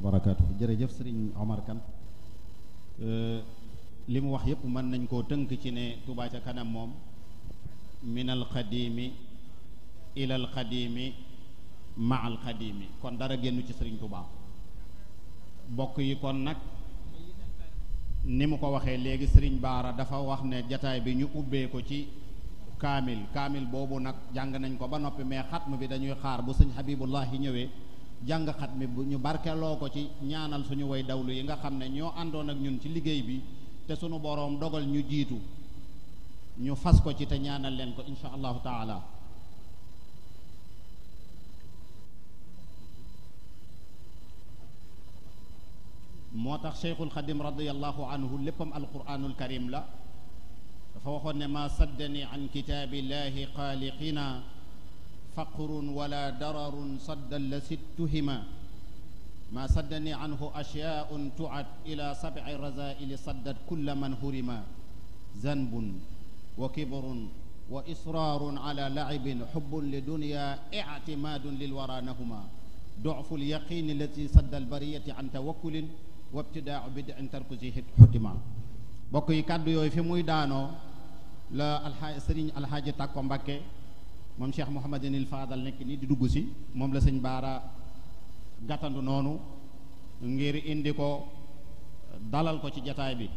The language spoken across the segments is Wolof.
wa barakaatuhu jërëjëf sëriñ Omar Kane euh, li mu wax yépp mën nañ koo tënk ci ne Touba ca kanam moom min alxadimi ila alxadimi ma alxadimi kon dara génn ci sëriñ Touba bokk yi kon nag ni mu ko waxee léegi sëriñ Baara dafa wax ne jataay bi ñu ubbee ko ci kaamil kaamil boobu nag jàng nañ ko ba noppi mais xatm bi dañuy xaar bu sëñ yi ñëwee jàng xatmi bu ñu barkeloo ko ci ñaanal suñu way dawlu yi nga xam ne ñoo àndoon ak ñun ci liggéey bi te suñu boroom dogal ñu jiitu ñu fas ko ci te ñaanal leen ko insha allahu taala moo tax cheikhul xadim radiallahu anhu léppam alquranul karim la dafa waxoon ne ma saddani an kitaabillahi xaaliqina فقر ولا درر صدا لست تهما ما صدني عنه أشياء تعد إلى سبع رذائل صدت كل من هرما ذنب وكبر وإصرار على لعب حب لدنيا اعتماد للورى نهما ضعف اليقين التي صد البرية عن توكل وابتداع بدع تركزه حتما bokk yi kàddu yooyu fi muy daanoo la alxaa sëriñ alxaaji tàkko Mbàkke moom Cheikh Mouhamadinil Fadal nekk nii di dugg si moom la sëñ Baara gàttandu noonu ngir indi ko dalal ko ci jataay bi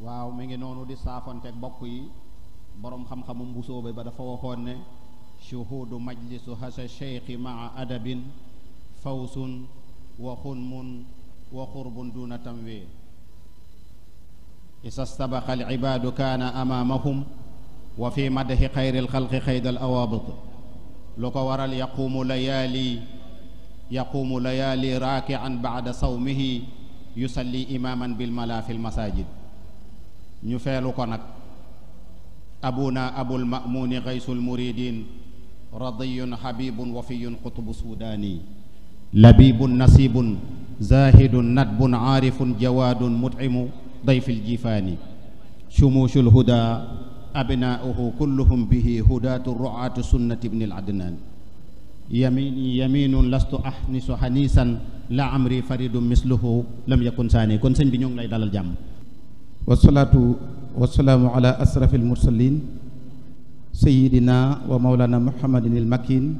waaw mi ngi noonu di saafonteeg bokk yi boroom xam-xamu mbusoobe ba dafa waxoon ne shuhuudu majlisu hasa sheykhi maa adabin fawsun wa xunmun wa xurbun duna tamwiir isa stabaxa alcibaadu kaana amaamahum wa fi madaxi xayri alxalqi xayda alawaabit lu ko waral yaquumu layaali yaquumu layaali raakian bacda sawmihi yusalli imaaman bilmalaa fi lmasaajid ñu feelu ko nag abuna abulmamuuni gaysu lmuridin radiyun habibun wafiyun qutubu sudaani labibun nasibun zahidun nadbun aarifun jawaadun mut'imu dayfil jifaani shumuushul huda abnaa'uhu kulluhum bihi hudaatu ru'aatu sunnati ibni al adnaan yamiini yamiinun lastu ahnisu haniisan la amri faridun misluhu lam yakun saani kon sëñ bi ñoo ngi lay dalal jàmm wasalaatu wasalaamu ala asrafil mursalin sayyidina wa mawlana muhammadin il makin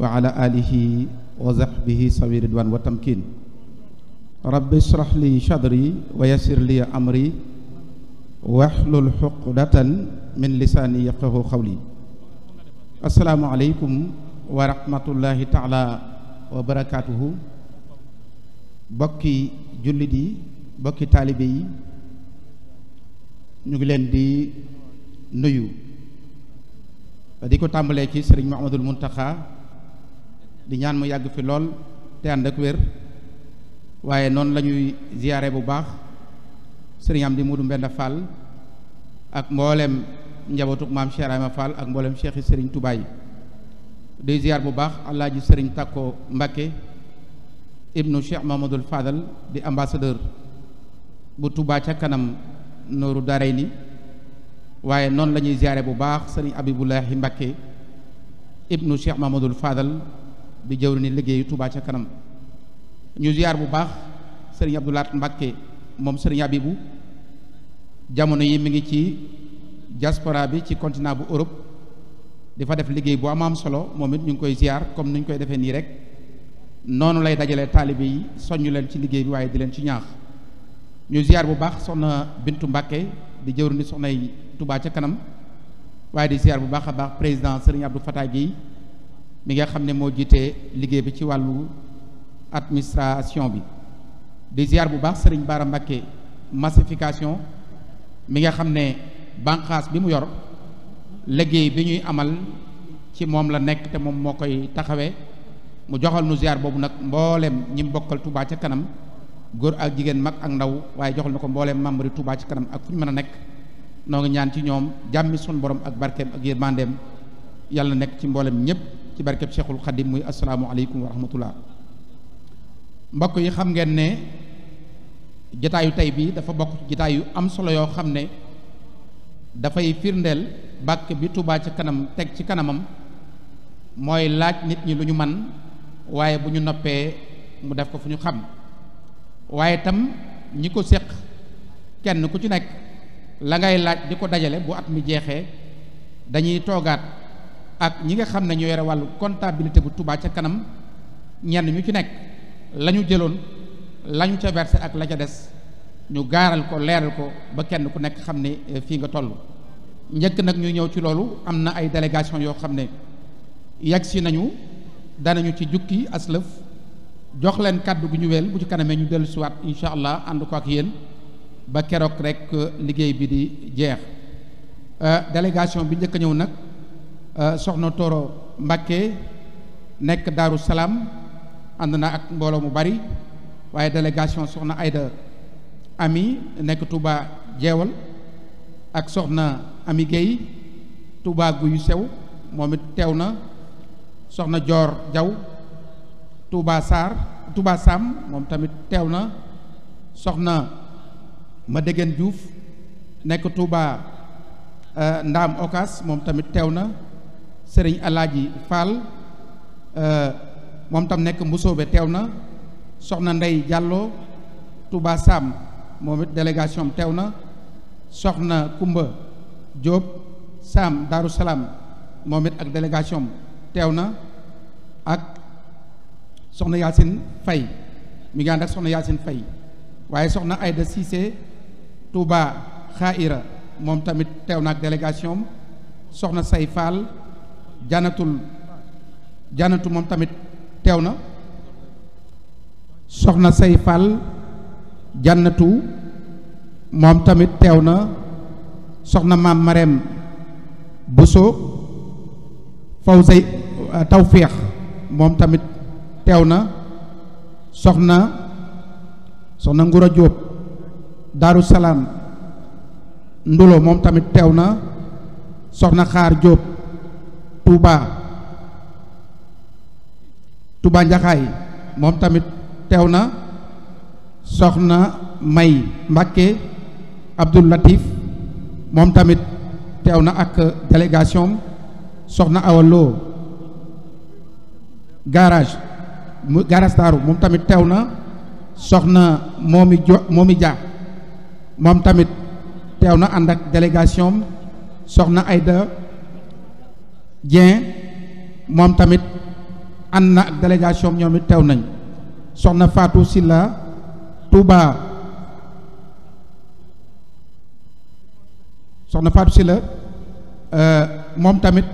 wa ala alihi wa sahbihi sawi ridwan wa tamkin rabbi israh li sadri wa yassir li amri wahlul uqdatan min lisaani yafqahu qawli assalaamu aleykum wa rahmatullahi taala wa barakaatuhu bokki jullit yi bokki taalibe yi ñu ngi leen di nuyu di ko tàmbalee ci sëriñ Mouhamadul Mountakha di ñaan mu yàgg fi lool te ànd ak wér waaye noonu lañuy ñuy ziyaare bu baax sëriñam am di Modou Mbenda Fall ak mboolem njabootuk maam Cheikh Rahma Fall ak mbooleem cheikh sëriñ Touba yi di ziyaar bu baax alaaji sëriñ Takko Mbacké ibnu Cheikh Mamadul Fadal di ambassadeur bu Touba ca kanam nooru daaray ni waaye noonu lañuy ñuy bu baax sëriñ Abibulahi Mbacke ibnu Cheikh Mahmadul Fadal di jëwriñu liggéeyu Touba ca kanam ñu ziar bu baax sëriñ Abdoulaat Mbacke moom sëriñ Abibu jamono yi mu ngi ci diaspora bi ci continent bu Europe di fa def liggéey bu am am solo moom it ñu ngi koy ziar comme ni ñu koy defee nii rek noonu lay dajale taalibe yi soññu leen ci liggéey bi waaye di leen ci ñaax ñu ziar bu baax soxna Bintu Mbacke di jëwriñu soxna yi Touba ca kanam waaye di ziar bu baax a baax président Serigne Abdou fataay Guèye mi nga xam ne moo jiite liggéey bi ci wàllu administration bi di ziar bu baax Serigne Bara Mbacké massification mi nga xam ne banqaas bi mu yor liggéey bi ñuy amal ci moom la nekk te moom moo koy taxawee mu joxal nu ziar boobu nag mbooleem ñi mu bokkal Touba ca kanam góor ak jigéen mag ak ndaw waaye joxal na ko mbooleem membre tubaa Touba ca kanam ak fu ñu mën a nekk noo ñaan ci ñoom jàmmi sunu borom ak barkeem ak yërmandeem yàlla nekk ci mboolem ñëpp ci barkeem Cheikhul Khadim muy asalaamualeykum wa rahmatullah mbokk yi xam ngeen ne jataayu tey bi dafa bokk ci jataay yu am solo yoo xam ne dafay firndeel bàkk bi Touba ci kanam teg ci kanamam mooy laaj nit ñi lu ñu man waaye bu ñu noppee mu def ko fu ñu xam waaye tam ñi ko séq kenn ku ci nekk la ngay laaj di ko dajale bu at mi jeexee dañuy toogaat ak ñi nga xam ne ñoo yore wàllu comptabilité bu Touba ca kanam ñenn ñu ci nekk la ñu jëloon la ñu ca versé ak la ca des ñu gaaral ko leeral ko ba kenn ku nekk xam ne eh, fii nga toll njëkk nag ñu ñëw ci loolu am na ay délégation yoo xam ne yegg si nañu ñu ci jukki aslëf jox leen kàddu gu ñu weel bu ci kanamee ñu dellu siwaat incha allah ànd ko ak yéen ba keroog rekk euh, liggéey bi di jeex euh, délégation bi njëkk a ñëw nag euh, soxna Toro Mbacké nekk Daaru Salaam ànd na ak mbooloo mu bari waaye délégation soxna Aida Ami nekk Touba Jeewal ak soxna Ami Guèye Touba Guyu Sew moom it teew na soxna Joor Jaw Touba Sarr Touba Sam moom tamit teew na soxna ma dégeen Diouf nekk Touba euh, Ndaam Okas moom tamit teew na Serigne Alaaji Fall euh, moom tam nekk Mbusoobe teew na soxna Ndey Jàlloo Touba Sam moom it délégation am teew na soxna Kumba Diop Sam Daaru Salaam moom it ak délégation teew na ak soxna Yacine Faye mi ngi ànd soxna Yacine Faye waaye soxna Aïda Cissé Touba Xaira moom tamit teew na ak délégation soxna Say Fall janatul janatu moom tamit teew na soxna Say Fall jannatu moom tamit teew na soxna maam Marème euh, Tawféex moom tamit teew na soxna soxna Ngura Diop Daaru Salaam Ndulo moom tamit teew na Soxna Xaar Jóob tubaa tubaa Njaxaay moom tamit teew na Soxna May Mbàkke Abdul Latif moom tamit teew na ak délégation Soxna Awa Lo garage moom tamit teew na Soxna Moomi Jo Moomi Dia moom tamit teew na ànd ak délégation soxna Aïda Dieng moom tamit ànd na ak délégation ñoom it teew nañ soxna Fatou Silla Touba soxna Fatou Silla euh, moom tamit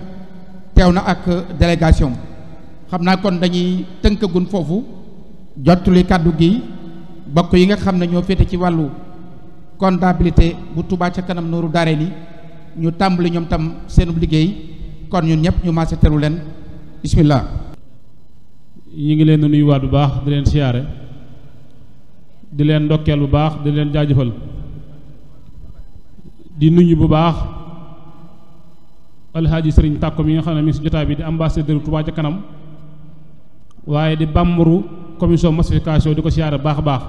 teew na ak délégation xam naa kon dañuy tënkagun foofu jottuli kàddu gi bokk yi nga xam ne ñoo féete ci wàllu comptabilité bu Touba ca kanam nooru daare ni ñu tàmbali ñoom tam seenub liggéey kon ñun ñëpp ñu maase leen bismillah ñu ngi leen di nuyuwaat bu baax di leen siyaare di leen ndokkeel bu baax di leen jaajëfal di nuyu bu baax alxaaji sëriñ tàkko bi nga xam ne mi si jotaay bi di ambassadeur Touba ca kanam waaye di bàmbaru commission massification di ko siyaare baax a baax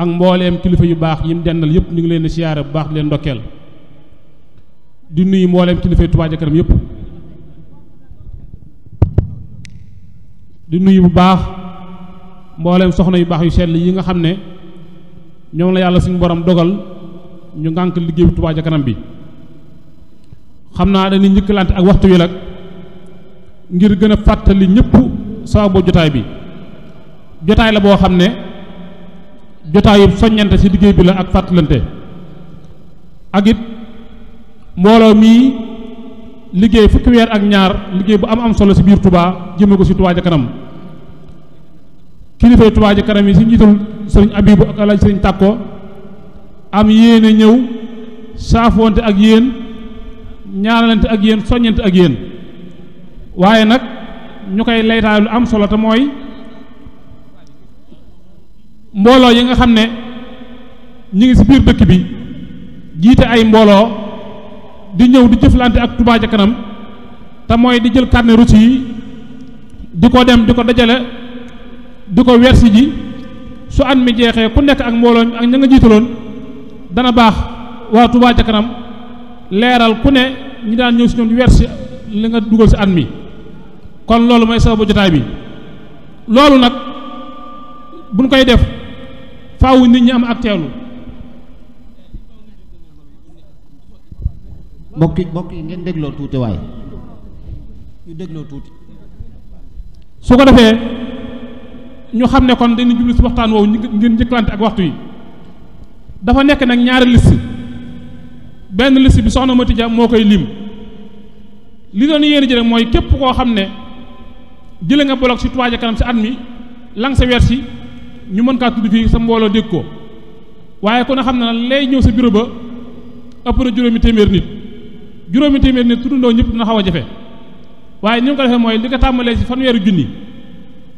ak mbooleem kilifa yu baax yi mu dendal yëpp ñu ngi leen di siyaare bu baax di leen ndokkeel di nuyu mbooleem kilifa yu Touba kanam yëpp di nuyu bu baax mbooleem soxna yu baax yu sell yi nga xam ne ñoom la yàlla suñu boroom dogal ñu ngànk liggéey bi kanam bi xam naa dañuy njëkkalante ak waxtu wi nag ngir gën a fàttali ñëpp sababu jotaay bi jotaay la boo xam ne jotaayub soññante ci liggéey bi la ak fàttalante ak mbooloo mii liggéey fukki weer ak ñaar liggéey bu am am solo ci biir Touba jëme ko ci Touba ca kanam kilifay Touba ca kanam yi ci njiital sëriñ Abibu ak Alaaji sëriñ Tàkko am yéene ñëw saafoonte ak yéen ñaanalante ak yéen soññante ak yéen waaye nag ñu koy laytaay lu am solo te mooy mbooloo yi nga xam ne ñu ngi ci biir dëkk bi jiite ay mbooloo di ñëw di jëflante ak Touba ca kanam te mooy di jël carnet route yi di ko dem di ko dajale di ko wersi ji su at mi jeexee ku nekk ak mbooloo mi ak ña nga jiitaloon dana baax waa Touba ca kanam leeral ku ne ñi daan ñëw ci ñoom di wersi li nga dugal ci at mi kon loolu mooy sababu jotaay bi loolu nag buñ koy def faaw nit ñi am ak teelu mbokk yi mbokk yi ngeen dégloo tuuti waaye ñu dégloo tuuti su ko defee ñu xam ne kon dañu jublu si waxtaan woowu ngir njëkkalante ak waxtu yi dafa nekk nag ñaari liste benn liste bi soxna Mati Dia moo koy lim li doon yéen ji mooy képp koo xam ne jële nga bolok si Touba Ca Kanam si at mi lang sa weer si ñu mën kaa tudd fii sa mbooloo dégg ko waaye kon na xam na lay ñëw sa bureau ba ëpp na juróomi téeméer nit juróomi téeméer nit tuddandoo ñëpp dina xaw a jafe waaye ni mu ko defee mooy li ko tàmbalee si fanweeri junni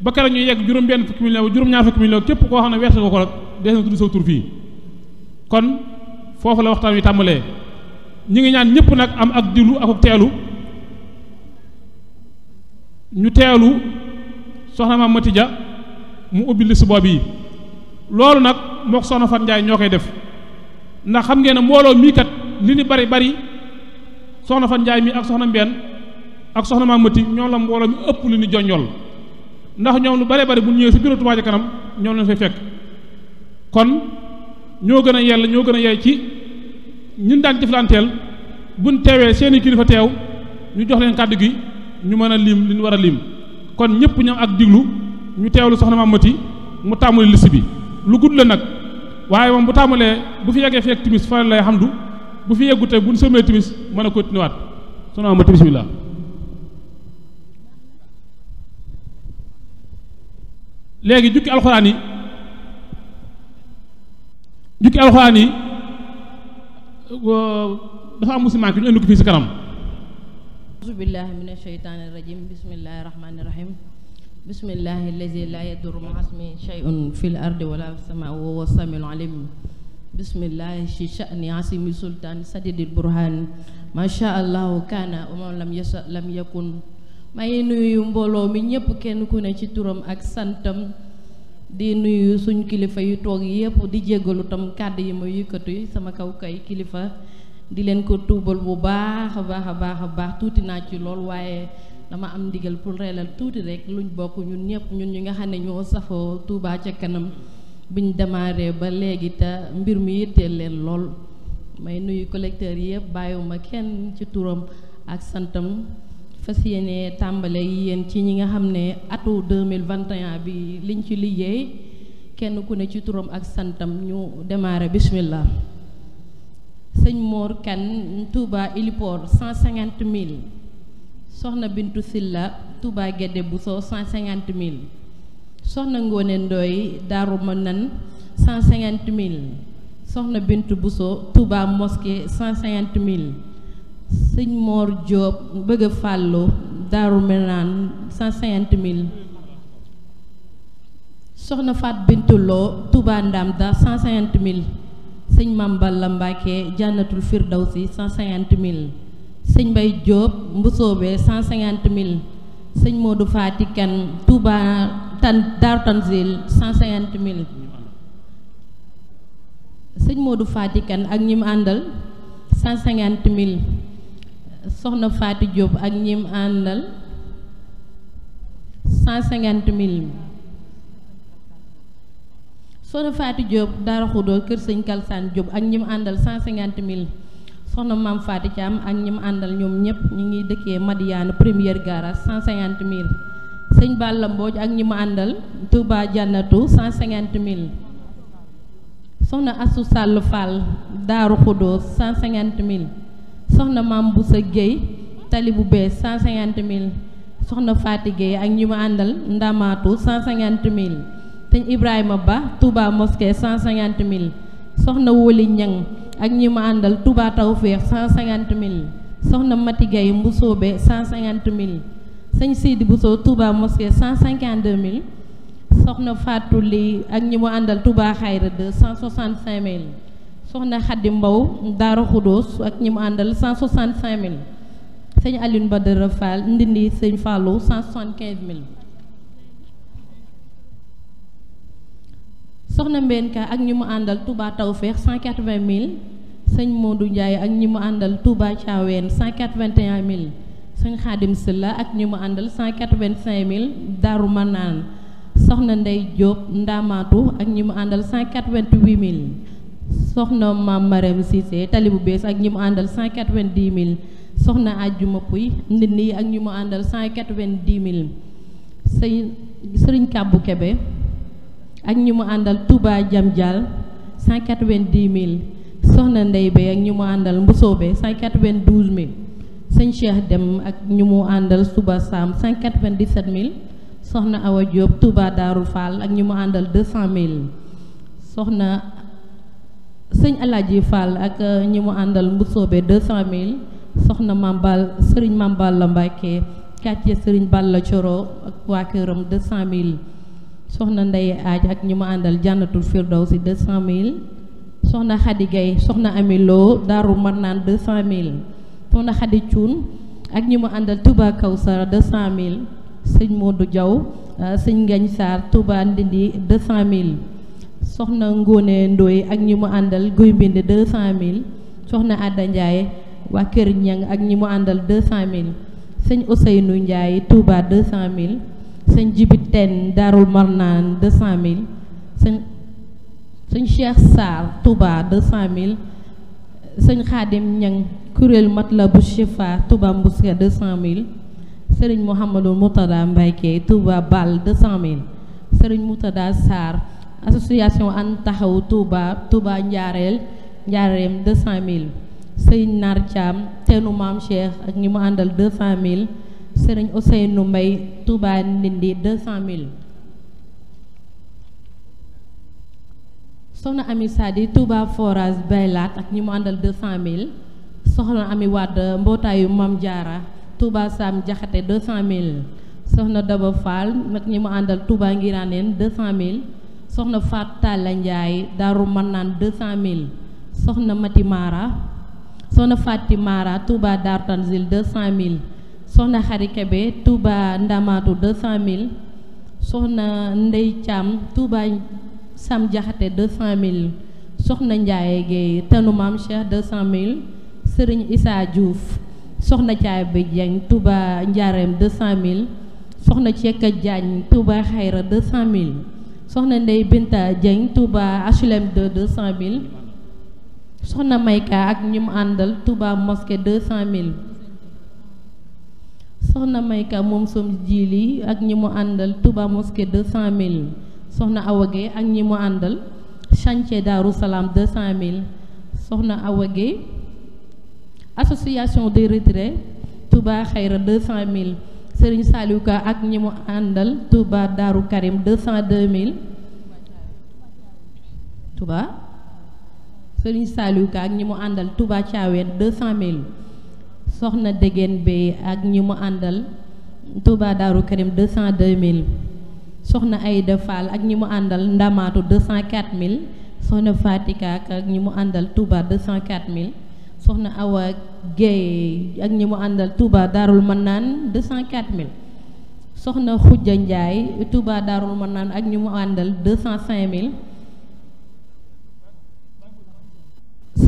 ba keroog ñuy yegg juróom benn fukki million juróom-ñaar fukki million képp koo xam ne weerte nga ko rek des na tudd sa tur fii kon foofu la waxtaan wi tàmbalee ñi ngi ñaan ñëpp nag am ak dilu ak teelu ñu teelu soxna maam Mati Ja mu ubbi liste boobu yi loolu nag mook soxna Fatou njaay ñoo koy def ndax xam ngeen ne mbooloo mii kat li ni bari bari soxna Fatou njaay mi ak soxna Mbène ak soxna Mamati ñoo la mbooloo mi ëpp li ni jonjol ndax ñoom lu bare bari bu ñëwee si bureau Touba Ca Kanam ñoom lañ fay fekk kon ñoo gën a yell ñoo gën a yey ci ñun daan jëflanteel buñ teewee seeni kilifa teew ñu jox leen kàddu gi ñu mën a lim li ñu war a lim kon ñëpp ñam ak diglu ñu teewlu soxna Mamati mu tàmmali liste bi lu gudd la nag waaye moom bu tàmmalee bu fi yeggee fekk timis fa lay xamdu bu fi yeggute bu ñu sëmmee timis mën a continué waat soxna Mamati bisimilah. léegi jukki alxuraan yi jukki alxuraan yi dafa am musimaan ki ñu indi ko fii si kanam. auzu billaahi mina sheytaani rajiim bismillaahi bismillahi allazi la yadurru ma'a ismihi shay'un ardi wala sama wa huwa samiul alim bismillahi shi sha'ni asimi sultan sadidil burhan masha allahu kana wa man lam yakun may nuyu mbooloo mi ñépp kenn ku ne ci turam ak santam di nuyu suñ kilifa yu toog yépp di jéggalu tam kàddu yi ma yëkkatu sama kaw kay kilifa di leen ko tuubal bu baax baax a baax a baax tuuti naa ci lool waaye dama am ndigal pour reelal tuuti rekk luñ bokk ñun ñëpp ñun ñi nga xam ne ñoo safoo Touba ca kanam biñ démarré ba léegi te mbir mi yitteel leen lool may nuyu collecteurs yëpp bàyyiwuma kenn ci turam ak santam fas yéene tàmbale yéen ci ñi nga xam ne atu 2021 bi liñ ci liggéey kenn ku ne ci turam ak santam ñu démarré bismillah sëñ Mor Kane Touba Ilipor 150 000 soxna Bintu Silla Touba Guédé Bousso cent cinquante soxna Ngone Ndoy Daaru Manan cent cinquante mille soxna Bintu Bousso Touba Mosquée cent cinquante mille sëñ bëgg fàllu Daaru Manaan cent cinquante mille soxna Faat Bintu Lo Touba Ndam da cent cinquante mille sëñ Mamballa Mbacke Jannatul Firdawsi cent cinquante mille sëñ Mbaye Diop Mbusoobe cent cinquante mille sëñ Modou Fati Kane Touba Tan Daaru Tanzil cent cinquante mille sëñ Modou ak ñi àndal cent cinquante mille soxna Fati Diop ak ñi mu àndal cent cinquante mille soxna Fati Diop Daara Xudoo Kër Sëñ Kalsaan Diop ak ñi mu àndal cent cinquante mille soxna maam Faty Thiam ak ñi mu àndal ñoom ñëpp ñu ngi dëkkee Madiyaana première garage cent cinquante mille sëñ Balla Mbooj ak ñi mu àndal Touba Jannatu cent cinquante mille soxna Assou Sall Fall Daaru Xudoos cent cinquante mille soxna maam Boussa Guèye tali bu bees cent cinquante mille soxna Faty Guèye ak ñi mu àndal Ndamaatu cent cinquante mille sëñ Ibrahima Ba Touba Mosquée cent cinquante mille soxna Woli Ñang ak ñi ma àndal Touba Tawféex cent cinquante mille soxna Mati Gaye Mbusoobe cent cinquante mille sëñ Sidi Bousso Touba Mosquée cent cinquante deux mille soxna faatu Ly ak ñi mu àndal Touba Xayra deux cent soixante cinq mille soxna Xaddi Mbow Daaru Xudoos ak ñi mu àndal cent soixante cinq mille sëñ Alioune Badara Fall Ndindi sëñ Fallou cent soixante quinze mille soxna Mbenka ak ñi mu àndal Touba Tawféex cent quatre-vingt mille sëñ Modou Ndiaye ak ñi mu àndal Touba Thiawéen cent quatre-vingt-un mille sëñ Xaadim Silla ak ñi mu àndal cent quatre-vingt-cinq mille Daaru Manaan soxna Ndey Diop Ndamatu ak ñi mu àndal cent quatre-vingt-huit mille soxna Maam Marème Cissé tali bu bees ak ñi mu àndal cent quatre-vingt-dix mille soxna Ajjuma Puy nit ñi ak ñi mu àndal cent quatre-vingt-dix mille sëñ sëriñ Kàbbu Kebe ak ñi mu àndal Touba Jam Dial cent quatre vingt mille Soxna Ndey Bey ak ñu mu àndal Mbusoobe cent quatre-vingt-douze mille sëñ Cheikh Dem ak ñi mu àndal Suba Sam cent quatre-vingt-dix-sept mille Soxna Awa Diop Touba Daaru Fall ak ñi mu àndal deux cent mille Soxna sëñ Alaaji Fall ak euh, ñi mu àndal Mbusoobe deux cent mille Soxna Mambal Sëriñ Mambal la Mbàkke quartier Sëriñ Balla Coro ak waa këram deux cent mille soxna Ndeye Aaj ak ñi ma àndal jànnatul firdawsi deux cent mille soxna Xadi Gay soxna Ami Lo Daaru Marnaan deux cent mille soxna Xadi Cuun ak ñi mu àndal kaw Kawsara deux cent mille sëñ du Diaw euh, sëñ Ngañ Sarr Touba Ndindi deux cent mille soxna Ngone Ndoye ak ñi mu àndal Guy bind deux cent mille soxna Adda Ndiaye waa Kër Ñang ak ñi mu àndal deux cent mille sëñ Ousseynou Ndiaye Touba deux cent mille sëñ Djibit Ten Darul Marnaan deux cent mille sëñ sëñ Cheikh Sarr Touba deux cent mille sëñ Xaadim Ñang kuréel Matlabu Chifa Touba Mbuska deux cent mille sëriñ Mouhamadou Moutada Mbayke Touba Bal deux cent mille sëriñ Moutada Sarr association Ànd Taxawu Touba Touba Njaareel Njaareem deux cent mille sëriñ Nar Thiam teenu Maam Cheikh ak ñi mu àndal deux cent mille Serigne Ousseynou Mbaye Touba Ndindi deux cent mille soxna Ami Sadi Touba Forage Baylaat ak ñi mu àndal deux mille soxna Ami Wade mbootaayu Mam jaara Touba Sam Jaxate deux cent soxna Daba Fall ak ñi mu àndal Touba Ngiraneen deux cent soxna Fat Talla Ndiaye Daaru Mannaan deux soxna Mati Mara soxna Fati Mara Touba Daaru Tanzil deux soxna Xari Kebe Touba Ndamatu 200000 soxna Ndey Thiam Touba Sam Jaxate 200000 soxna Ndiaye Guèye Tanu Maam Cheikh 200000 Serigne Issa Diouf soxna Thiaye Ba Dieng Touba Ndiarème 200000 soxna Cekka Diagne Touba Xayra 200000 soxna Ndey Binta Dieng Touba deux 2 200000 soxna Mayka ak ñi mu àndal Touba Mosquée 200000. soxna Mayka moom som jili ak ñi mu àndal Touba mosquée deux cent mille soxna Awagé ak ñi mu àndal chantier Darou Salam deux cent mille soxna Awagé association de retrait Touba Xayra deux cent mille Serigne Saliou Ka ak ñi mu àndal Touba Darou Karim deux cent deux mille Touba Serigne Saliou ak ñi mu àndal Touba Thiawène deux cent mille soxna Dégène Bey ak ñi mu àndal Touba daaru Karim deux cent deux mille soxna Aïda Fall ak ñi mu àndal Ndamaatu deux cent quatre mille soxna Fatika ak ñi mu àndal Touba deux cent quatre mille soxna Awa Guèye ak ñi mu àndal Touba Darul naan deux cent quatre mille soxna Khoudia Ndiaye Touba Darul naan ak ñi mu àndal deux cent cinq mille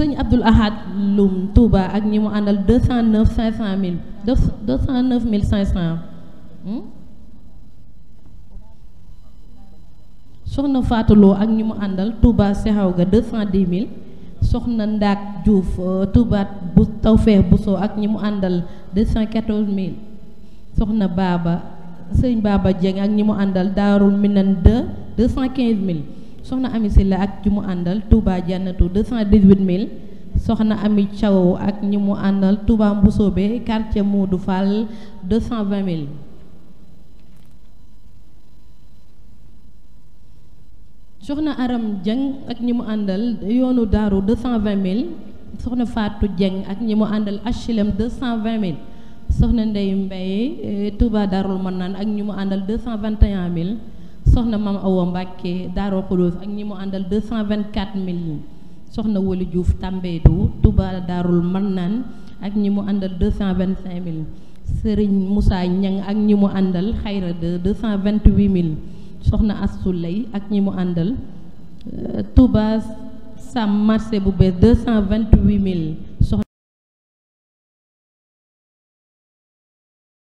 sëñ Abdoul Ahad Loum ak ñi mu àndal deux cent neuf cinq cent mille deux cent neuf mille cinq cent hmm? soxna Faatuloo ak ñi mu àndal Touba Sexaw ga deux cent dix mille soxna Ndaak Diouf euh, Touba bu Tawfeex Bousso ak ñi mu àndal deux cent quatorze mille soxna Baba sëñ Baba Dieng ak ñi mu àndal Daarul Minan deux deux cent quinze mil soxna Ami Sylla ak ji mu àndal Touba Jannatu 218000 soxna Ami Thiaw ak ñi mu àndal Touba Mbusoobe quartier Modou Fall 220000. soxna Aram Dieng ak ñi mu àndal yoonu daaru deux cent vingt mille soxna faatu Dieng ak ñi mu àndal HLM deux cent vingt mille soxna Ndeye Mbaye Touba Darul Manaan ak ñi mu àndal deux cent vingt et soxna Mame Awa Mbacké Darou Khoudoss ak ñi mu àndal deux cent vingt quatre mille yi soxna Wali Diouf Tambédou Touba Darul Mannaan ak ñi mu àndal deux cent vingt cinq mille Serigne Moussa Niang ak ñi mu àndal xayra de deux cent vingt huit mille soxna Astou Lay ak ñi mu àndal euh, Touba Sam marché bu bees deux cent vingt huit mille